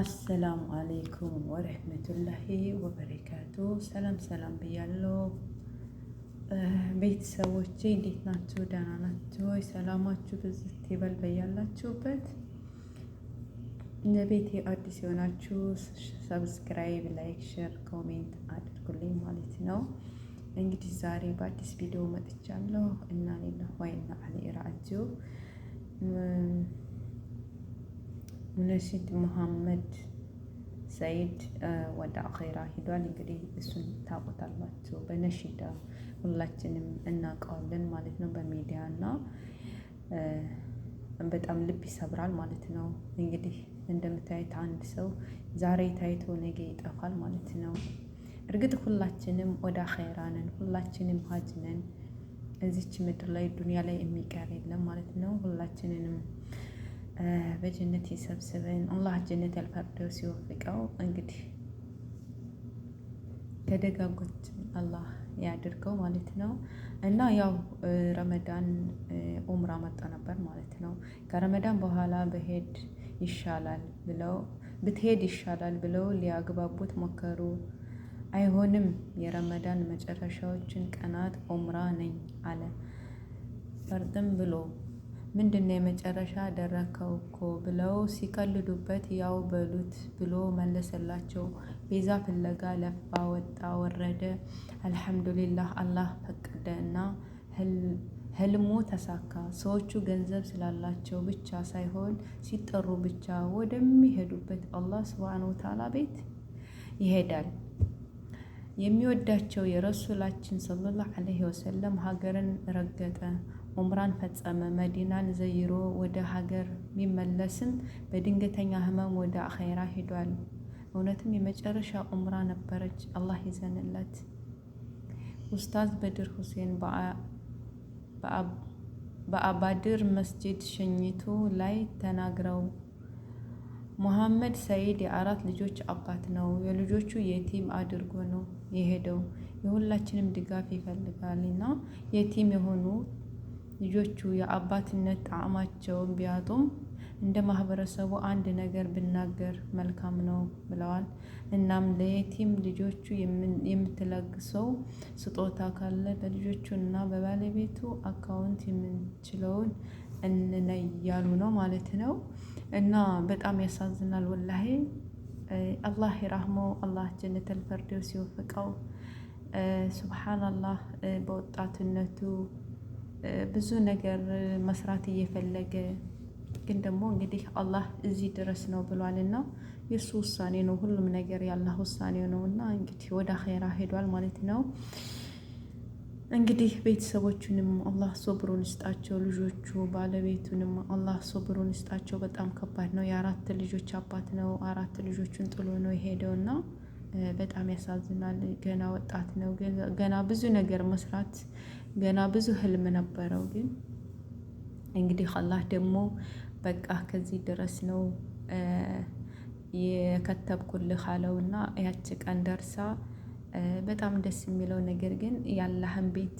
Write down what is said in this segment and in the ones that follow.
አሰላሙ አለይኩም ወረህመቱላሂ ወበረካቱ። ሰላም ሰላም ብያለሁ ቤተሰቦች እንዴት ናችሁ? ደህና ናችሁ ወይ? ሰላማችሁ ብዝት ይበል በያላችሁበት። ለቤቴ አዲስ የሆናችሁ ሰብስክራይብ፣ ላይክ፣ ሼር፣ ኮሜንት አድርጉልኝ ማለት ነው። እንግዲህ ዛሬ በአዲስ ቪዲዮ መጥቻለሁ እና ሌላ ዋይና አሌ ራአችሁ ሙነሺድ ሙሀመድ ሰይድ ወደ አኼራ ሂዷል። እንግዲህ እሱን ታውቁታላችሁ። በነሺዳ ሁላችንም እናውቀዋለን ማለት ነው በሚዲያ እና በጣም ልብ ይሰብራል ማለት ነው። እንግዲህ እንደምታዩት አንድ ሰው ዛሬ ታይቶ ነገ ይጠፋል ማለት ነው። እርግጥ ሁላችንም ወደ አኼራ ነን፣ ሁላችንም ሀጅ ነን። እዚች ምድር ላይ ዱንያ ላይ የሚቀር የለም ማለት ነው ሁላችንንም በጀነት ይሰብስበን። አላህ ጀነት አልፈርደውስ ሲወፍቀው እንግዲህ ከደጋጎች አላህ ያድርገው ማለት ነው። እና ያው ረመዳን ኡምራ መጣ ነበር ማለት ነው። ከረመዳን በኋላ በሄድ ይሻላል ብለው ብትሄድ ይሻላል ብለው ሊያግባቡት ሞከሩ። አይሆንም፣ የረመዳን መጨረሻዎችን ቀናት ኡምራ ነኝ አለ ፈርጥም ብሎ ምንድነው የመጨረሻ ደረከው እኮ ብለው ሲቀልዱበት ያው በሉት ብሎ መለሰላቸው። ቤዛ ፍለጋ ለፋ፣ ወጣ ወረደ። አልሐምዱሊላህ አላህ እና ህልሙ ተሳካ። ሰዎቹ ገንዘብ ስላላቸው ብቻ ሳይሆን ሲጠሩ ብቻ ወደሚሄዱበት አላህ ሱብሓነሁ ወተዓላ ቤት ይሄዳል። የሚወዳቸው የረሱላችን ሰለላሁ ዐለይሂ ወሰለም ሀገርን ረገጠ። ኡምራን ፈጸመ። መዲናን ዘይሮ ወደ ሀገር ቢመለስም በድንገተኛ ህመም ወደ አኼራ ሂዷል። እውነትም የመጨረሻ ዑምራ ነበረች። አላህ ይዘንለት። ኡስታዝ በድር ሁሴን በአባድር መስጂድ ሽኝቱ ላይ ተናግረው ሙሐመድ ሰይድ የአራት ልጆች አባት ነው። የልጆቹ የቲም አድርጎ ነው የሄደው። የሁላችንም ድጋፍ ይፈልጋልና የቲም የሆኑ ልጆቹ የአባትነት ጣዕማቸውን ቢያጡም እንደ ማህበረሰቡ አንድ ነገር ብናገር መልካም ነው ብለዋል። እናም ለየቲም ልጆቹ የምትለግሰው ስጦታ ካለ በልጆቹ እና በባለቤቱ አካውንት የምንችለውን እንነይ ያሉ ነው ማለት ነው። እና በጣም ያሳዝናል ወላሄ አላህ ይራህመው፣ አላህ ጀነተል ፊርደውስ ይወፍቀው። ሱብሃነላህ በወጣትነቱ ብዙ ነገር መስራት እየፈለገ ግን ደግሞ እንግዲህ አላህ እዚህ ድረስ ነው ብሏልና የእሱ ውሳኔ ነው። ሁሉም ነገር የአላህ ውሳኔ ነው እና እንግዲህ ወደ አኼራ ሄዷል ማለት ነው። እንግዲህ ቤተሰቦቹንም አላህ ሶብሩን ይስጣቸው፣ ልጆቹ ባለቤቱንም አላህ ሶብሩን ይስጣቸው። በጣም ከባድ ነው። የአራት ልጆች አባት ነው። አራት ልጆቹን ጥሎ ነው የሄደው እና በጣም ያሳዝናል። ገና ወጣት ነው። ገና ብዙ ነገር መስራት ገና ብዙ ህልም ነበረው። ግን እንግዲህ አላህ ደግሞ በቃ ከዚህ ድረስ ነው የከተብኩልህ አለው እና ያቺ ቀን ደርሳ በጣም ደስ የሚለው ነገር ግን የአላህን ቤት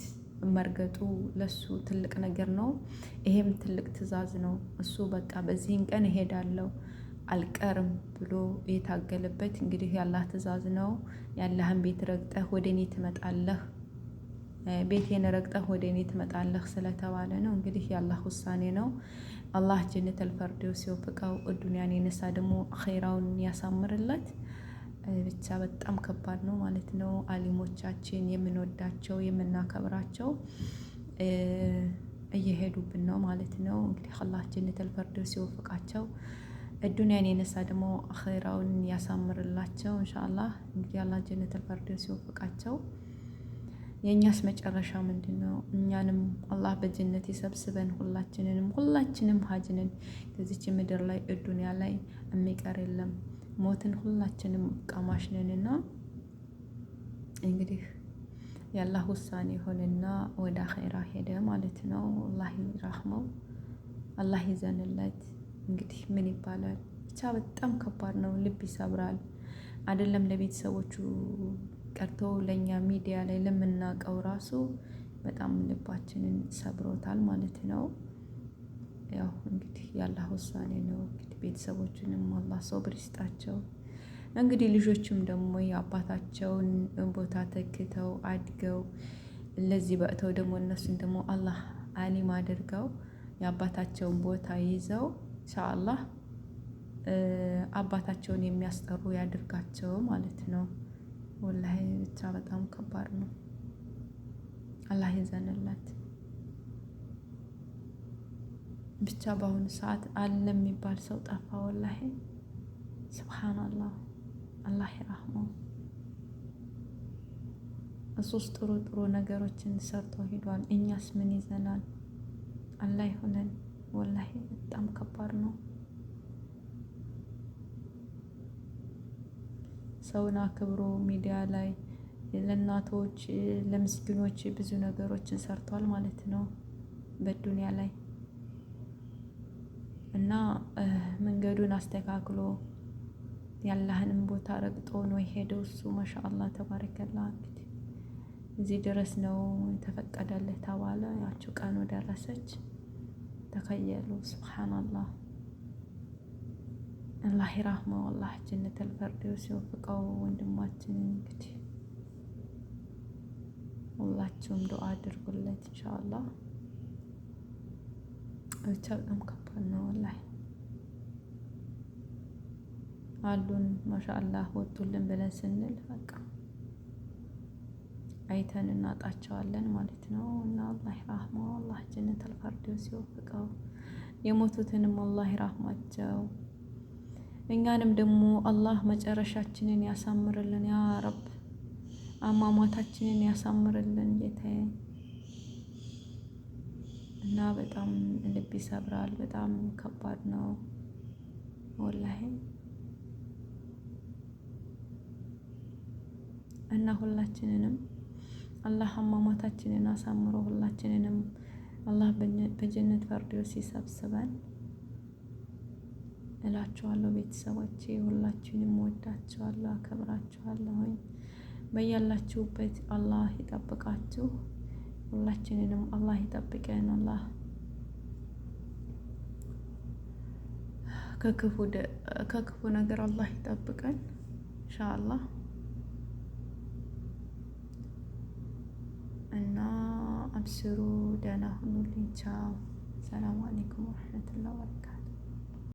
መርገጡ ለሱ ትልቅ ነገር ነው። ይሄም ትልቅ ትዕዛዝ ነው። እሱ በቃ በዚህን ቀን እሄዳለሁ አልቀርም ብሎ የታገለበት እንግዲህ ያላህ ትዕዛዝ ነው። ያላህን ቤት ረግጠህ ወደ እኔ ትመጣለህ ቤቴን ረግጠህ ወደ እኔ ትመጣለህ ስለተባለ ነው። እንግዲህ የአላህ ውሳኔ ነው። አላህ ጀነተል ፊርደውስ ሲወፍቀው እዱንያን የነሳ ደግሞ አኼራውን ያሳምርለት። ብቻ በጣም ከባድ ነው ማለት ነው። አሊሞቻችን የምንወዳቸው የምናከብራቸው እየሄዱብን ነው ማለት ነው። እንግዲህ አላህ ጀነተል ፊርደውስ ሲወፍቃቸው እዱንያን የነሳ ደግሞ አኼራውን ያሳምርላቸው። እንሻአላህ እንግዲህ አላህ ጀነተል ፊርደውስ ሲወፍቃቸው የእኛስ መጨረሻ ምንድን ነው? እኛንም አላህ በጀነት የሰብስበን ሁላችንንም። ሁላችንም ሀጅንን ከዚች ምድር ላይ እዱንያ ላይ የሚቀር የለም። ሞትን ሁላችንም ቀማሽ እንግዲህ የአላህ ውሳኔ ሆንና ወደ አኼራ ሄደ ማለት ነው። አላህ ይራህመው፣ አላህ ይዘንለት። እንግዲህ ምን ይባላል ብቻ በጣም ከባድ ነው። ልብ ይሰብራል። አይደለም ለቤተሰቦቹ ቀርቶ ለእኛ ሚዲያ ላይ ለምናውቀው ራሱ በጣም ልባችንን ሰብሮታል ማለት ነው። ያው እንግዲህ የአላህ ውሳኔ ነው። እንግዲህ ቤተሰቦችንም አላህ ሶብር ይስጣቸው። እንግዲህ ልጆችም ደግሞ የአባታቸውን ቦታ ተክተው አድገው ለዚህ በእተው ደግሞ እነሱን ደግሞ አላህ አሊም አድርገው የአባታቸውን ቦታ ይዘው ኢንሻአላህ አባታቸውን የሚያስጠሩ ያድርጋቸው ማለት ነው። ብቻ በጣም ከባድ ነው። አላህ ይዘንላት። ብቻ በአሁኑ ሰዓት አለ የሚባል ሰው ጠፋ። ወላሂ ስብሓናላህ አላህ ይራህመው። እሱስ ጥሩ ጥሩ ነገሮችን ሰርቶ ሂዷል። እኛስ ምን ይዘናል? አላህ ይሆነን። ወላሂ በጣም ከባድ ነው። ሰውን አክብሮ ሚዲያ ላይ ለእናቶች ለምስኪኖች ብዙ ነገሮችን ሰርቷል ማለት ነው በዱንያ ላይ እና መንገዱን አስተካክሎ ያላህንም ቦታ ረግጦ ነው የሄደው። እሱ ማሻአላ ተባረከላ እንግዲህ እዚህ ድረስ ነው ተፈቀደልህ ተባለ። ያቸው ቀኑ ደረሰች። ተከየሉ ስብሓንላ አላህ ይራህመው፣ አላህ ጀነተል ፊርደውስ ይወፍቀው ወንድማችን እንግዲህ ሁላችሁም ዱአ አድርጉለት ኢንሻአላህ። ብቻ በጣም ከባድ ነው ወላሂ። አሉን ማሻአላህ ወጡልን ብለን ስንል በቃ አይተን እናጣቸዋለን ማለት ነው። እና አላህ ራህማው አላህ ጀነተል ፊርደውስ ይወፍቀው። የሞቱትንም አላህ ራህማቸው እኛንም ደግሞ አላህ መጨረሻችንን ያሳምርልን ያ ረብ። አሟሟታችንን ያሳምርልን ጌታዬ። እና በጣም ልብ ይሰብራል። በጣም ከባድ ነው ወላሂ። እና ሁላችንንም አላህ አሟሟታችንን አሳምሮ ሁላችንንም አላህ በጀነት ፈርዶስ ይሰብስበን እላችኋለሁ። ቤተሰቦቼ ሁላችሁንም ወዳችኋለሁ፣ አከብራችኋለሁኝ። በያላችሁበት አላህ ይጠብቃችሁ። ሁላችንንም አላህ ይጠብቀን። አላህ ከክፉ ነገር አላህ ይጠብቀን ኢንሻአላህ እና አብስሩ ደህና ሁኑልኝ። ቻው። ሰላም አለይኩም ወረህመቱላህ ወበረካቱ